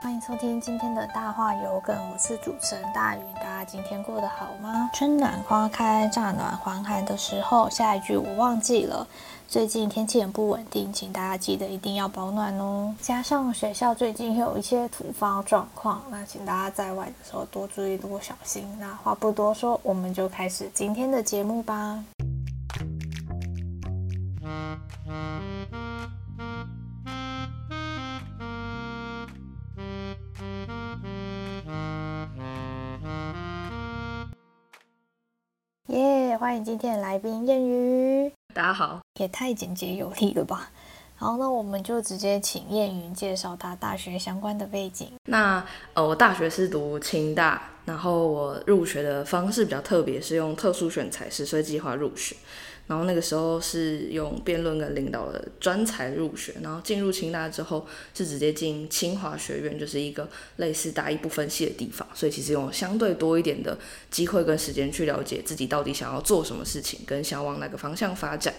歡迎收聽今天的大話有梗，我是主持人大魚，大家今天過得好嗎？春暖花開乍暖還寒，寒的時候，下一句我忘記了。最近天氣很不穩定，請大家記得一定要保暖哦。加上學校最近有一些突發狀況，那請大家在外的時候多注意多小心。那話不多說，我們就開始今天的節目吧。歡迎今天的來賓晏瑜，大家好，也太簡潔有力了吧！然後呢，那我們就直接請晏瑜介紹他大學相關的背景。那呃，我大學是讀清大，然後我入學的方式比較特別，是用特殊選才拾穗計劃入學。然後那個時候是用辯論跟領導的專才入學，然後進入清大之後，是直接進清華學院，就是一個類似大一不分系的地方，所以其實用相對多一點的機會跟時間去了解自己到底想要做什麼事情，跟想往哪個方向發展。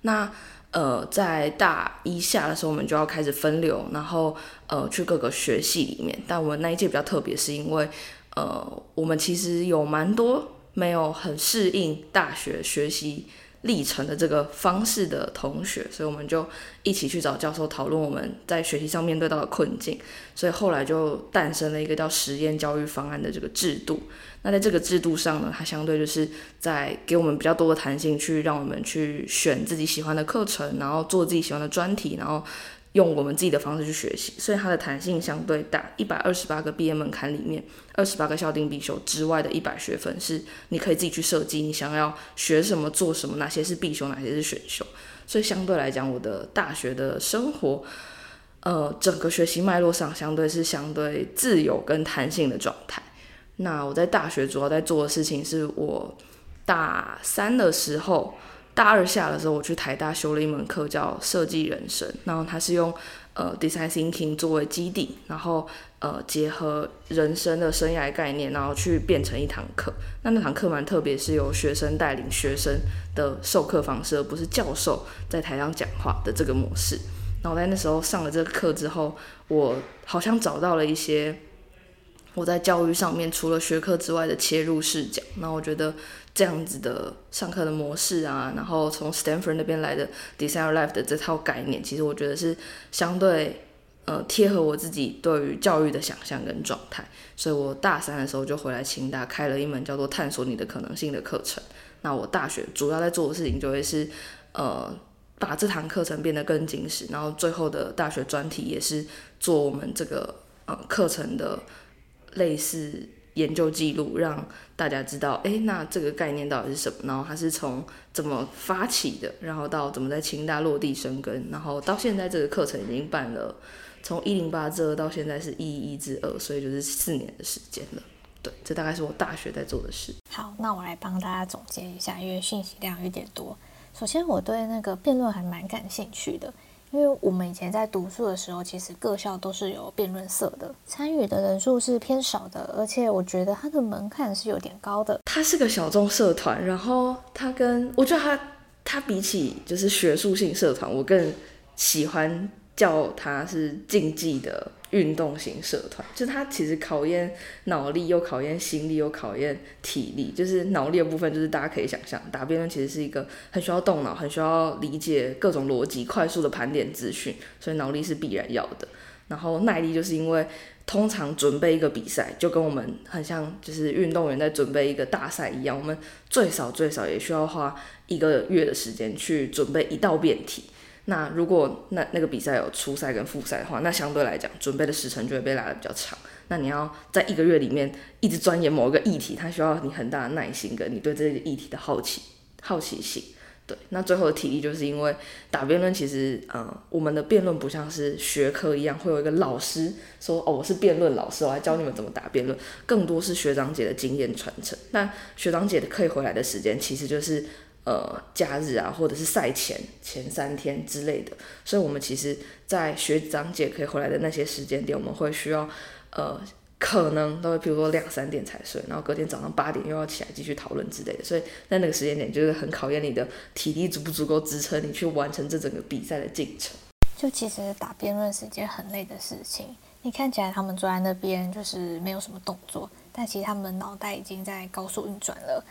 那呃，在大一下的時候，我們就要開始分流，然後呃去各個學系裡面。但我們那一屆比較特別，是因為呃我們其實有蠻多沒有很適應大學學習。歷程的這個方式的同學，所以我們就一起去找教授討論我們在學習上面對到的困境，所以後來就誕生了一個叫實驗教育方案的這個制度。那在這個制度上呢，它相對就是在給我們比較多的彈性，去讓我們去選自己喜歡的課程，然後做自己喜歡的專題，然後。用我們自己的方式去學習，所以它的彈性相對大。一百二十八個畢業門檻裡面，二十八個校定必修之外的一百學分是你可以自己去設計，你想要學什麼、做什麼，哪些是必修，哪些是選修。所以相對來講，我的大學的生活，呃，整個學習脈絡上相對是相對自由跟彈性的狀態。那我在大學主要在做的事情，是我大三的時候。大二下的時候，我去台大修了一門課，叫設計人生。然後它是用呃 design thinking 作為基底，然後呃結合人生的生涯概念，然後去變成一堂課。那那堂課蠻特別，是由學生帶領學生的授課方式，而不是教授在台上講話的這個模式。然後在那時候上了這個課之後，我好像找到了一些我在教育上面除了學科之外的切入視角。那我覺得。這樣子的上課的模式啊，然後從 Stanford 那邊來的 Design Life 的這套概念，其實我覺得是相對呃貼合我自己對於教育的想象跟狀態，所以我大三的時候就回來清大開了一門叫做《探索你的可能性》的課程。那我大學主要在做的事情就，就會是呃把這堂課程變得更緊實，然後最後的大學專題也是做我們這個呃課程的類似。研究記錄，讓大家知道，哎、欸，那這個概念到底是什麼？然後它是從怎麼發起的，然後到怎麼在清大落地生根，然後到現在這個課程已經辦了，從一零八之二到現在是一一一之二，所以就是四年的時間了。對，這大概是我大學在做的事。好，那我來幫大家總結一下，因為訊息量有點多。首先，我對那個辯論還蠻感興趣的。因為我們以前在讀書的時候，其實各校都是有辯論社的，參與的人數是偏少的，而且我覺得它的門檻是有點高的。它是個小眾社團，然後它跟我覺得它，它比起就是學術性社團，我更喜歡叫它是競技的，運動型社團，就它其實考驗腦力，又考驗心力，又考驗體力。就是腦力的部分，就是大家可以想象，打辯論其實是一個很需要動腦，很需要理解各種邏輯，快速的盤點資訊，所以腦力是必然要的。然後耐力就是因為通常準備一個比賽，就跟我們很像，就是運動員在準備一個大賽一樣，我們最少最少也需要花一個月的時間去準備一道辯題。那如果那那個比賽有初賽跟複賽的話，那相對來講準備的時程就會被拉得比較長。那你要在一個月裡面一直鑽研某一個議題，它需要你很大的耐心跟你對這個議題的好奇好奇心。對，那最後的體力就是因為打辯論，其實嗯、呃，我們的辯論不像是學科一樣，會有一個老師說哦，我是辯論老師，我來教你們怎麼打辯論。更多是學長姐的經驗傳承。那學長姐的可以回來的時間其實就是。呃，假日啊，或者是賽前前三天之類的，所以我們其實，在學長姐可以回來的那些時間點，我們會需要，呃，可能都會，譬如說兩三點才睡，然後隔天早上八點又要起來繼續討論之類的，所以在那，那個時間點就是很考驗你的體力足不足夠支撐你去完成這整個比賽的進程。就其實打辯論是一件很累的事情，你看起來他們坐在那邊就是沒有什麼動作，但其實他們腦袋已經在高速運轉了。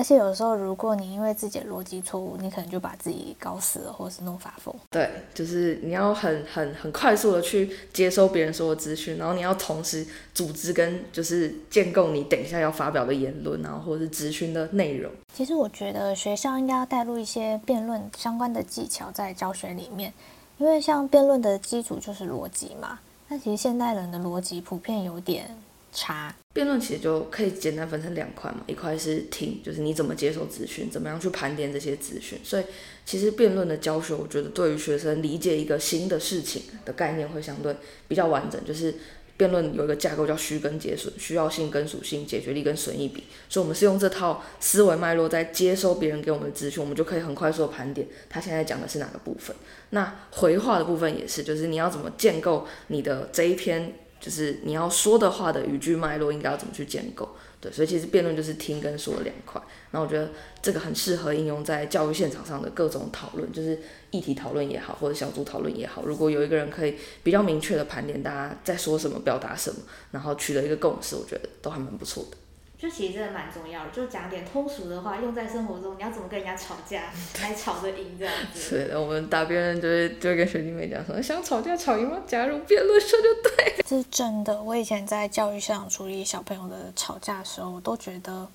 而且有時候，如果你因為自己的邏輯錯誤，你可能就把自己搞死了，或者是弄發瘋。對，就是你要很、很、很快速的去接收別人說的資訊，然後你要同時組織跟就是建構你等一下要發表的言論，然後或者是資訊的內容。其實我覺得學校應該要帶入一些辯論相關的技巧在教學裡面，因為像辯論的基礎就是邏輯嘛。那其實現代人的邏輯普遍有點差。辯論其實就可以簡單分成兩塊嘛，一塊是聽，就是你怎麼接受資訊，怎麼樣去盤點這些資訊。所以其實辯論的教學，我覺得對於學生理解一個新的事情的概念會相對比較完整。就是辯論有一個架構叫需根解損，需要性、根屬性、解決力跟損益比。所以我們是用這套思維脈絡在接收別人給我們的資訊，我們就可以很快速地盤點他現在講的是哪個部分。那回話的部分也是，就是你要怎麼建構你的這一篇。就是你要說的話的語句脈絡應該要怎麼去建構，對，所以其實辯論就是聽跟說兩塊。那我覺得這個很適合應用在教育現場上的各種討論，就是議題討論也好，或者小組討論也好，如果有一個人可以比較明確的盤點大家在說什麼、表達什麼，然後取得一個共識，我覺得都還蠻不錯的。就其實真的蠻重要的，就講點通俗的話，用在生活中，你要怎麼跟人家吵架，來吵得贏這樣子。 對是的，我們打辯就是就會跟學弟妹講說，想吵架吵贏嗎？加入辯論社就對。這是真的，我以前在教育上處理小朋友的吵架的時候，我都覺得。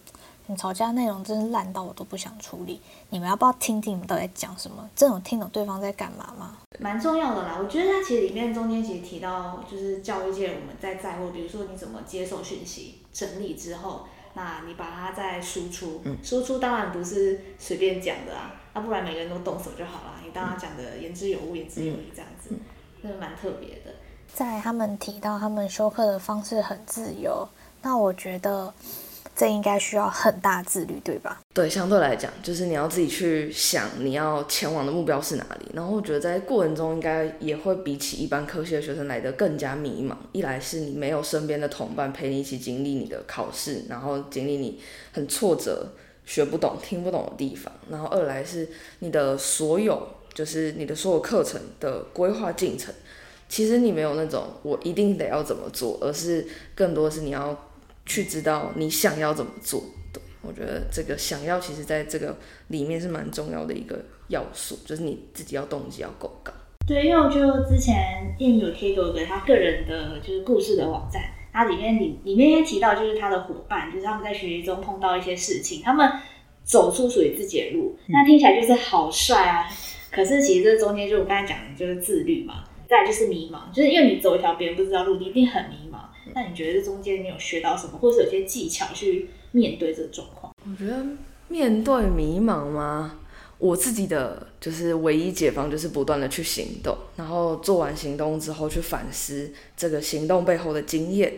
你吵架內容真是爛到我都不想處理，你們要不要聽聽你們到底在講什麼？這種聽懂對方在幹嘛嗎？蠻重要的啦，我覺得他其實裡面中間其實提到，就是教育界我們在在乎，比如說你怎麼接受訊息，整理之後，那你把它再輸出，嗯、輸出當然不是隨便講的啊，那、啊、不然每個人都動手就好了，你當然講的言之有物，嗯、言之有理這樣子，那嗯、蠻特別的，在他們提到他們修課的方式很自由，那我覺得。這應該需要很大自律，對吧？對，相對來講，就是你要自己去想你要前往的目標是哪裡。然後我覺得在過程中應該也會比起一般科系的學生來得更加迷茫。一來是你沒有身邊的同伴陪你一起經歷你的考試，然後經歷你很挫折、學不懂、聽不懂的地方；然後二來是你的所有，就是你的所有課程的規劃進程，其實你沒有那種我一定得要怎麼做，而是更多是你要。去知道你想要怎麼做，對，我覺得這個想要，其實在這個裡面是蠻重要的一個要素，就是你自己要動機要夠高。對，因為我覺得之前電影有貼過對他個人的就是故事的網站，它裡面裡裡面也提到就是他的夥伴，就是他們在學習中碰到一些事情，他們走出屬於自己的路，嗯、那聽起來就是好帥啊！可是其實這中間就我剛才講的就是自律嘛，再來就是迷茫，就是因為你走一條別人不知道路，你一定很迷茫。那你覺得這中間你有學到什麼，或者是有些技巧去面對這個狀況？我覺得面對迷茫嗎？我自己的就是唯一解方就是不斷的去行動，然後做完行動之後去反思這個行動背後的經驗，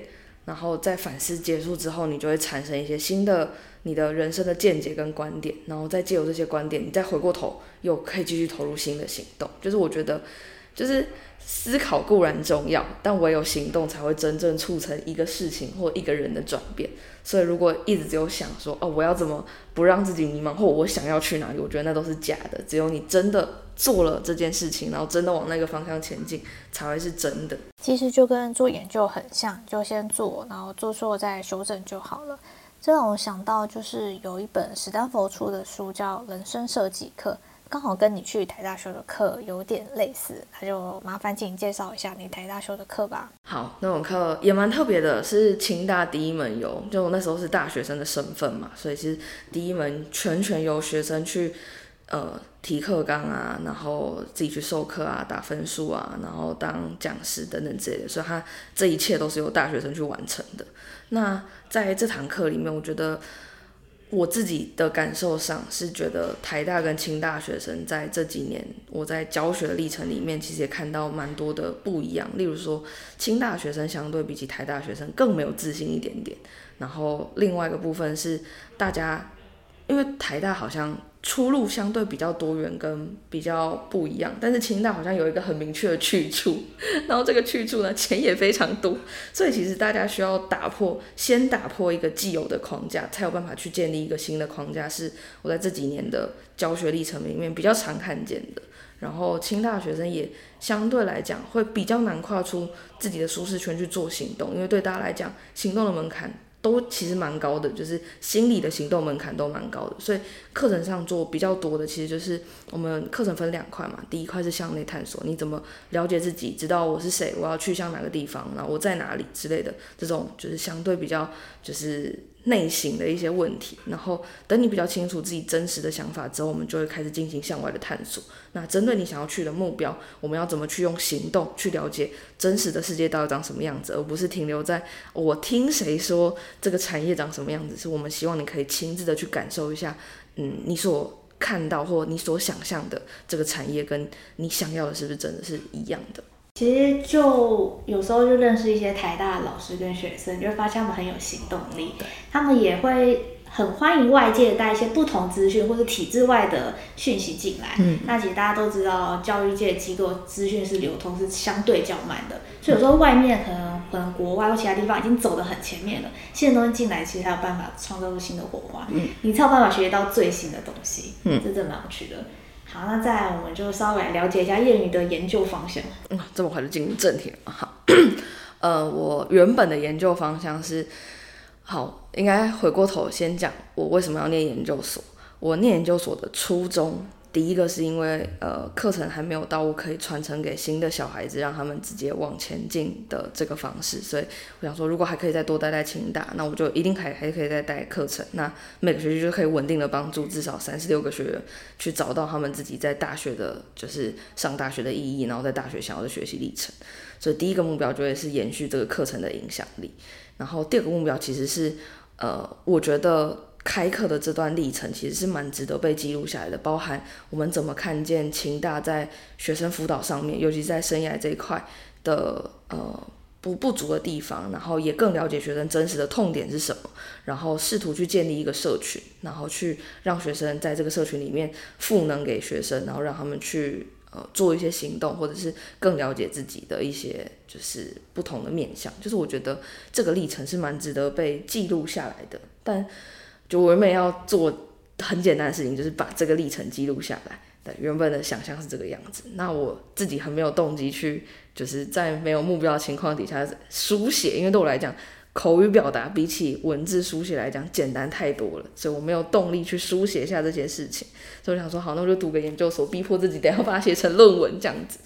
然後在反思結束之後，你就會產生一些新的你的人生的見解跟觀點，然後再借由這些觀點，你再回過頭又可以繼續投入新的行動。就是我覺得。就是思考固然重要，但唯有行動才會真正促成一個事情或一個人的轉變。所以，如果一直只有想說哦，我要怎麼不讓自己迷茫，或我想要去哪裡，我覺得那都是假的。只有你真的做了這件事情，然後真的往那個方向前進，才會是真的。其實就跟做研究很像，就先做，然後做錯再修正就好了。這讓我想到，就是有一本史丹佛出的書叫《人生設計課》。剛好跟你去台大修的課有點類似，那就麻煩請你介紹一下你台大修的課吧。好，那種課也蠻特別的，是清大第一門由，就我那時候是大學生的身份嘛，所以其實第一門全全由學生去，呃，提課綱啊，然後自己去授課啊，打分數啊，然後當講師等等這些，所以他這一切都是由大學生去完成的。那在這堂課裡面，我覺得。我自己的感受上是覺得台大跟清大學生在這幾年，我在教學歷程裡面其實也看到蠻多的不一樣。例如說，清大學生相對比起台大學生更沒有自信一點點。然後另外一個部分是大家。因為台大好像出路相對比較多元跟比較不一樣，但是清大好像有一個很明確的去處，然後這個去處呢，錢也非常多，所以其實大家需要打破，先打破一個既有的框架，才有辦法去建立一個新的框架。是我在這幾年的教學歷程裡面比較常看見的，然後清大學生也相對來講會比較難跨出自己的舒適圈去做行動，因為對大家來講，行動的門檻。都其實蠻高的，就是心理的行動門檻都蠻高的，所以課程上做比較多的，其實就是我們課程分兩塊嘛，第一塊是向內探索，你怎麼了解自己，知道我是誰，我要去向哪個地方，然後我在哪裡之類的，這種就是相對比較就是。內心的一些問題，然後等你比較清楚自己真實的想法之後，我們就會開始進行向外的探索。那針對你想要去的目標，我們要怎麼去用行動去了解真實的世界到底長什麼樣子，而不是停留在我聽誰說這個產業長什麼樣子，是我們希望你可以親自的去感受一下，嗯，你所看到或你所想象的這個產業跟你想要的是不是真的是一樣的。其實就有時候就認識一些台大的老師跟學生，就會發現他們很有行動力，他們也會很歡迎外界帶一些不同資訊或者體制外的訊息進來。嗯，那其實大家都知道，教育界機構資訊是流通、嗯、是相對較慢的，所以有時候外面可能、嗯、可能國外或其他地方已經走得很前面了，現在東西進來，其實才有辦法創造出新的火花。嗯，你才有辦法學習到最新的東西。嗯，這真的蠻有趣的。好，那再我們就稍微來了解一下晏瑜的研究方向。嗯，這麼快就進入正題了，好。 呃，我原本的研究方向是，好，應該回過頭先講我為什麼要念研究所，我念研究所的初衷。第一個是因為，呃，課程還沒有到我可以傳承給新的小孩子，讓他們直接往前進的這個方式，所以我想說，如果還可以再多帶帶清大，那我就一定還還可以再帶課程，那每個學期就可以穩定的幫助至少三十六個學員去找到他們自己在大學的，就是上大學的意義，然後在大學想要的學習歷程。所以第一個目標就會是延續這個課程的影響力，然後第二個目標其實是，呃，我覺得。開課的這段歷程其實是蠻值得被記錄下來的，包含我們怎麼看見清大在學生輔導上面，尤其在生涯這一塊的呃不、不足的地方，然後也更了解學生真實的痛點是什麼，然後試圖去建立一個社群，然後去讓學生在這個社群裡面賦能給學生，然後讓他們去呃做一些行動，或者是更了解自己的一些就是不同的面向，就是我覺得這個歷程是蠻值得被記錄下來的，但。就我原本要做很簡單的事情，就是把這個歷程記錄下來。對，原本的想象是這個樣子。那我自己很沒有動機去，就是在沒有目標的情況底下書寫，因為對我來講，口語表達比起文字書寫來講簡單太多了，所以我沒有動力去書寫一下這些事情。所以我想說，好，那我就讀個研究所，逼迫自己，得要把它寫成論文這樣子。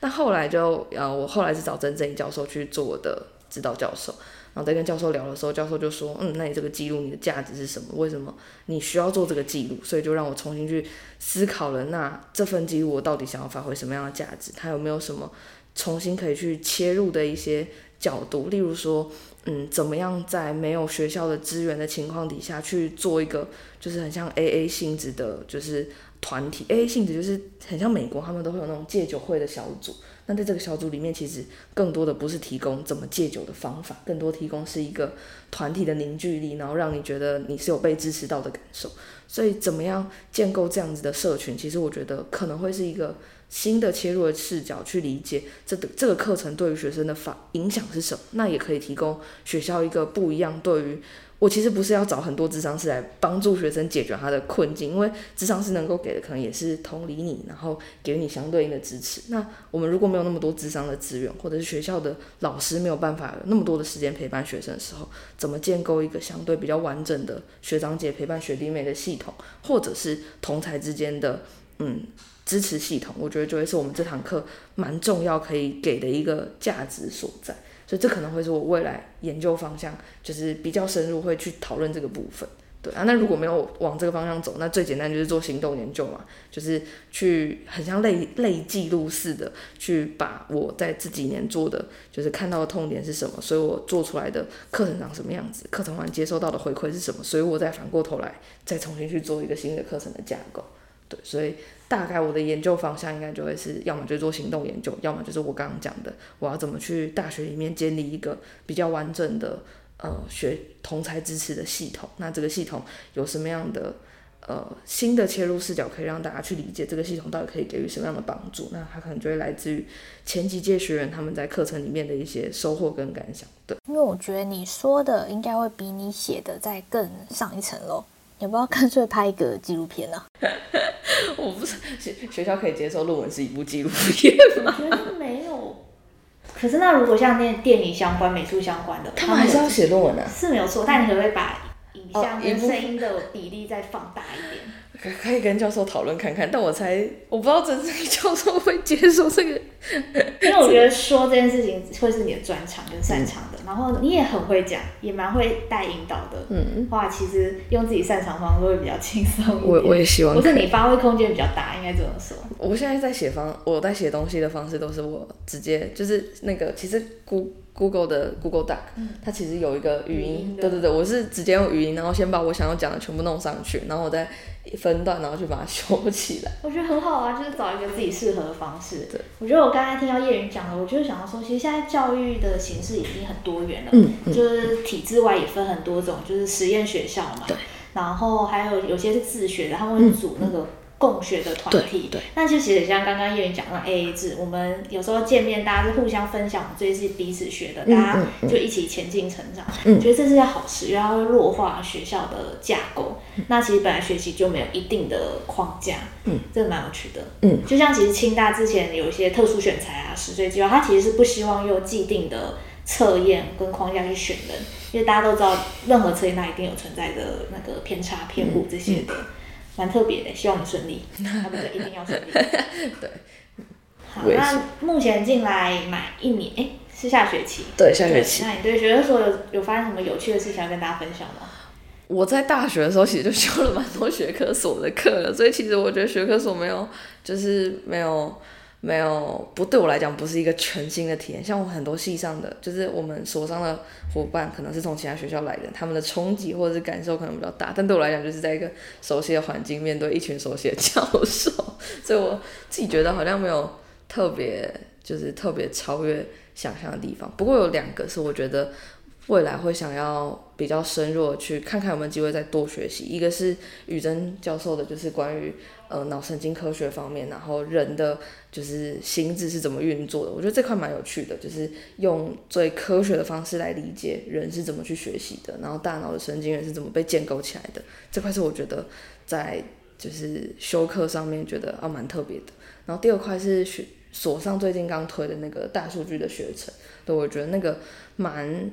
但後來就，啊，我後來是找曾正英教授去做我的指導教授。然後在跟教授聊的時候，教授就說：“嗯，那你這個記錄你的價值是什麼？為什麼你需要做這個記錄？所以就讓我重新去思考了。那這份記錄我到底想要發揮什麼樣的價值？它有沒有什麼重新可以去切入的一些角度？例如說，嗯，怎麼樣在沒有學校的資源的情況底下去做一個，就是很像 AA 性質的，就是團體、嗯、AA 性質就是很像美國他們都會有那種戒酒會的小組。”那在這個小組裡面，其實更多的不是提供怎麼戒酒的方法，更多提供是一個團體的凝聚力，然後讓你覺得你是有被支持到的感受。所以，怎麼樣建構這樣子的社群，其實我覺得可能會是一個新的切入的視角去理解這個這個課程對於學生的反影響是什麼。那也可以提供學校一個不一樣對於。我其實不是要找很多諮商師來幫助學生解決他的困境，因為諮商師能夠給的可能也是同理你，然後給你相對應的支持。那我們如果沒有那麼多諮商的資源，或者是學校的老師沒有辦法有那麼多的時間陪伴學生的時候，怎麼建構一個相對比較完整的學長姐陪伴學弟妹的系統，或者是同儕之間的嗯支持系統？我覺得就會是我們這堂課蠻重要可以給的一個價值所在。所以這可能會是我未來研究方向，就是比較深入會去討論這個部分。對啊，那如果沒有往這個方向走，那最簡單就是做行動研究嘛，就是去很像類類記錄似的，去把我在這幾年做的，就是看到的痛點是什麼，所以我做出來的課程長什麼樣子，課程完接收到的回饋是什麼，所以我再反過頭來再重新去做一個新的課程的架構。對，所以。大概我的研究方向應該就會是，要麼就做行動研究，要麼就是我剛剛講的，我要怎麼去大學裡面建立一個比較完整的呃學同才支持的系統。那這個系統有什麼樣的呃新的切入視角，可以讓大家去理解這個系統到底可以給予什麼樣的幫助？那它可能就會來自於前幾屆學員他們在課程裡面的一些收穫跟感想。對，因為我覺得你說的應該會比你寫的再更上一層樓，要不要乾脆拍一個紀錄片呢、啊？ 我不是學學校可以接受論文是一部紀錄片嗎？我覺得沒有。可是那如果像那電影相關、美術相關的，他們還是要寫論文的、啊，是沒有錯。但你可不可以把影像跟聲音的比例再放大一點？哦、可以跟教授討論看看。但我猜我不知道，真的教授會接受這個，因為我覺得說這件事情會是你的專長跟、就是、擅長的。嗯然後你也很會講，也蠻會帶引導的。嗯，話其實用自己擅長方式會比較輕鬆一點。我我也希望，不是你發揮空間比較大，應該這麼說。我現在在寫方，我在寫東西的方式都是我直接，就是那個其實 Google 的 Google Doc，它其實有一個語音，嗯、對，對對對，我是直接用語音，然後先把我想要講的全部弄上去，然後我再。分段，然後去把它修起來。我覺得很好啊，就是找一個自己適合的方式。對，對我覺得我剛才聽到晏瑜講的，我就想要說，其實現在教育的形式已經很多元了，嗯嗯、就是體制外也分很多種，就是實驗學校嘛。對然後還有有些是自學的，他們會組那個。共學的團體，對對對那就其實像剛剛晏瑜講到 AA 制，我們有時候見面，大家就互相分享，這些是彼此學的，大家就一起前進成長。嗯，嗯覺得這是件好事，因為它會弱化學校的架構。嗯、那其實本來學習就沒有一定的框架，嗯，這蠻有趣的。嗯，就像其實清大之前有一些特殊選才啊、十歲計畫，它其實是不希望用既定的測驗跟框架去選人，因為大家都知道任何測驗它一定有存在的那個偏差、偏誤這些的。嗯嗯蠻特別的，希望你順利， 對，一定要順利。對，好，那目前進來滿一年，哎、欸，是下學期，對，下學期。那你對學科所有有發生什麽有趣的事情要跟大家分享嗎？我在大學的時候其實就修了蠻多學科所的課了，所以其實我覺得學科所沒有，就是沒有。沒有，不對我來講不是一個全新的體驗。像我很多系上的，就是我們所上的夥伴，可能是從其他學校來的，他們的衝擊或者是感受可能比較大。但對我來講，就是在一個熟悉的環境，面對一群熟悉的教授，所以我自己覺得好像沒有特別，就是特別超越想象的地方。不過有兩個是我覺得。未來會想要比較深入地去看看有沒有機會再多學習。一個是宇真教授的，就是關於呃腦神經科學方面，然後人的就是心智是怎麼運作的。我覺得這塊蠻有趣的，就是用最科學的方式來理解人是怎麼去學習的，然後大腦的神經元是怎麼被建構起來的。這塊是我覺得在就是修課上面覺得啊蠻特別的。然後第二塊是學所上最近剛推的那個大數據的學程，對我覺得那個蠻。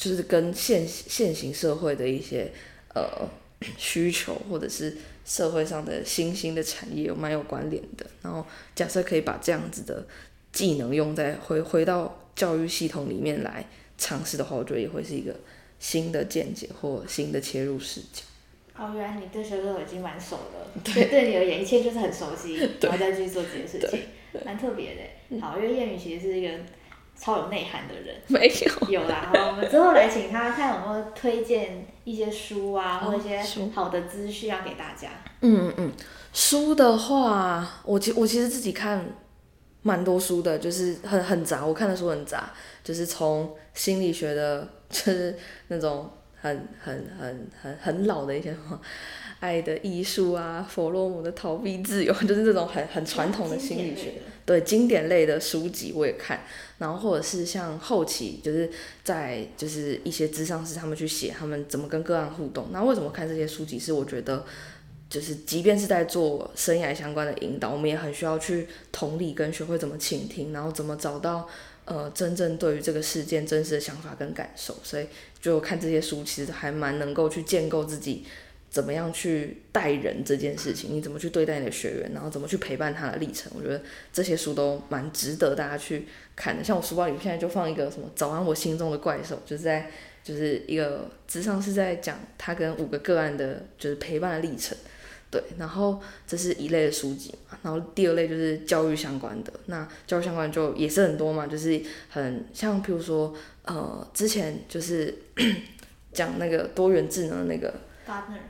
就是跟現現行社會的一些呃需求，或者是社會上的新興的產業有蠻有關聯的。然後假設可以把這樣子的技能用在回回到教育系統裡面來嘗試的話，我覺得也會是一個新的見解或新的切入視角。哦，原來你對學姊已經蠻熟了，對，對你而言，一切就是很熟悉，然後再去做這件事情，蠻對特別的。好，因為晏瑜其實是一個。超有內涵的人，沒有，有啦。好， 我們之後來請他看，有沒有推薦一些書啊，好或者一些好的資訊要給大家。嗯嗯嗯，書的話，我其我其實自己看蠻多書的，就是很很雜，我看的書很雜，就是從心理學的，就是那種很很很很很老的一些什麼《愛的藝術》啊，《佛洛姆的逃避自由》，就是這種很很傳統的心理學。對，經典類的書籍我也看，然後或者是像後期就是在就是一些諮商師，他們去寫他們怎麼跟個案互動。那為什麼看這些書籍？是我覺得就是即便是在做生涯相關的引導，我們也很需要去同理跟學會怎麼傾聽，然後怎麼找到呃真正對於這個事件真實的想法跟感受。所以就看這些書，其實還蠻能夠去建構自己，怎麼樣去待人這件事情？你怎麼去對待你的學員，然後怎麼去陪伴他的歷程？我覺得這些書都蠻值得大家去看的。像我書包裡面現在就放一個什麼《早安，我心中的怪獸》，就是在就是一個之上是在講他跟五個個案的，就是陪伴的歷程。對，然後這是一類的書籍嘛。然後第二類就是教育相關的。那教育相關就也是很多嘛，就是很像，譬如說呃，之前就是 講那個多元智能的那個。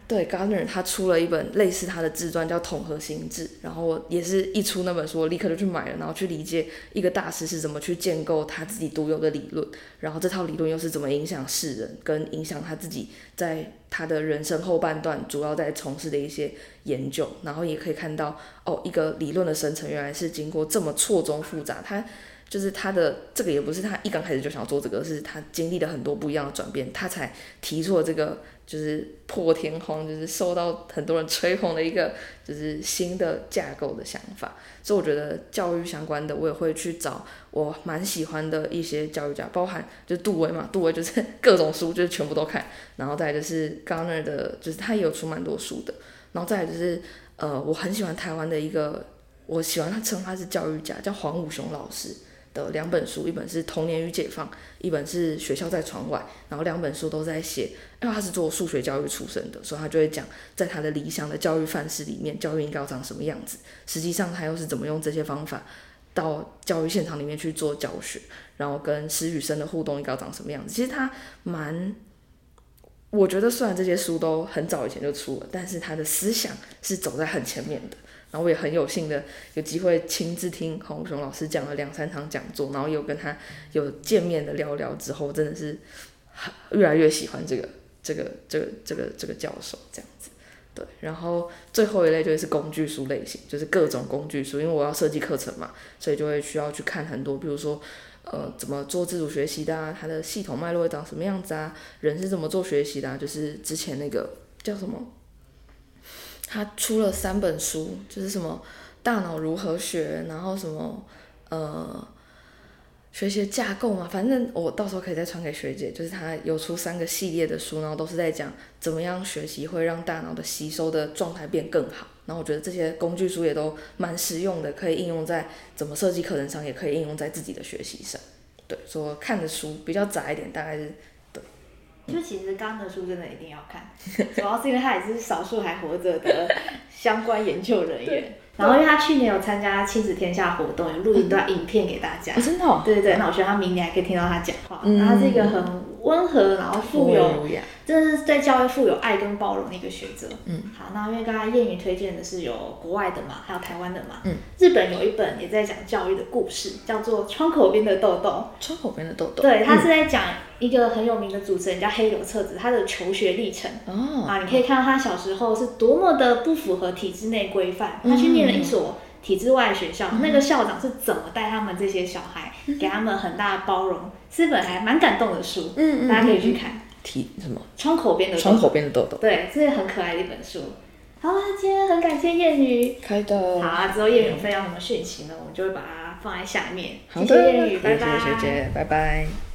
對 Gardner，他出了一本類似他的自傳，叫《統合心智》，然後也是一出那本書，我立刻就去買了，然後去理解一個大師是怎麼去建構他自己獨有的理論，然後這套理論又是怎麼影響世人，跟影響他自己在。他的人生後半段主要在從事的一些研究，然後也可以看到哦，一個理論的生成原來是經過這麼錯綜複雜。他就是他的這個也不是他一剛開始就想要做這個，是他經歷了很多不一樣的轉變，他才提出了這個就是破天荒，就是受到很多人吹捧的一個就是新的架構的想法。所以我覺得教育相關的，我也會去找。我蠻喜歡的一些教育家，包含就是杜威嘛，杜威就是各種書就是全部都看，然後再就是 Gardner 的，就是他也有出蠻多書的，然後再就是呃我很喜歡台灣的一個，我喜歡他稱他是教育家，叫黃武雄老師的兩本書，一本是《童年與解放》，一本是《學校在窗外》，然後兩本書都在寫，因為他是做數學教育出身的，所以他就會講在他的理想的教育範式裡面，教育應該要長什麼樣子，實際上他又是怎麼用這些方法到教育現場裡面去做教學，然後跟實習生的互動應該長什麼樣子？其實他蠻，我覺得雖然這些書都很早以前就出了，但是他的思想是走在很前面的。然後我也很有幸的有機會親自聽洪雄老師講了兩三場講座，然後有跟他有見面的聊聊之後，真的是越來越喜歡這個這個這個這個這個教授這樣子。對，然後最後一類就是工具書類型，就是各種工具書，因為我要設計課程嘛，所以就會需要去看很多，比如說，呃，怎麼做自主學習的啊，它的系統脈絡會長什麼樣子啊？人是怎麼做學習的啊？就是之前那個叫什麼，他出了三本書，就是什麼《大腦如何學》，然後什麼，呃。學習架構嘛，反正、哦、我到時候可以再傳給學姐。就是她有出三個系列的書，然後都是在講怎麼樣學習會讓大腦的吸收的狀態變更好。然後我覺得這些工具書也都蠻實用的，可以應用在怎麼設計課程上，也可以應用在自己的學習上。對，所以看的書比較雜一點，大概是對。就其實剛的書真的一定要看， 主要是因為他也是少數還活着的相關研究人員。 然後，因為他去年有參加親子天下活動，有錄一段影片給大家。真的、嗯？對對對，那我覺得他明年還可以聽到他講話。嗯，然後他是一個很，溫和，然後富有，這是在教育富有愛跟包容的一個學者。嗯，好，那因為剛才晏瑜推薦的是有國外的嘛，還有台灣的嘛。嗯，日本有一本也在講教育的故事，叫做《窗口邊的豆豆》。窗口邊的豆豆，對，他是在講一個很有名的主持人叫黑柳徹子，他的求學歷程。哦，啊，你可以看到他小時候是多麼的不符合體制內規範，他去念了一所體制外學校，那個校長是怎麼帶他們這些小孩，給他們很大的包容。這是一本還蠻感動的書，嗯嗯、大家可以去看。題什麼？窗口邊的豆豆，窗口邊的豆豆。對，這是很可愛的一本書。好啊，今天很感謝晏瑜。開刀的。好啊，之後晏瑜有需要什麼訊息呢？嗯、我們就會把它放在下面。好的。晏瑜以拜拜，拜拜。謝拜拜。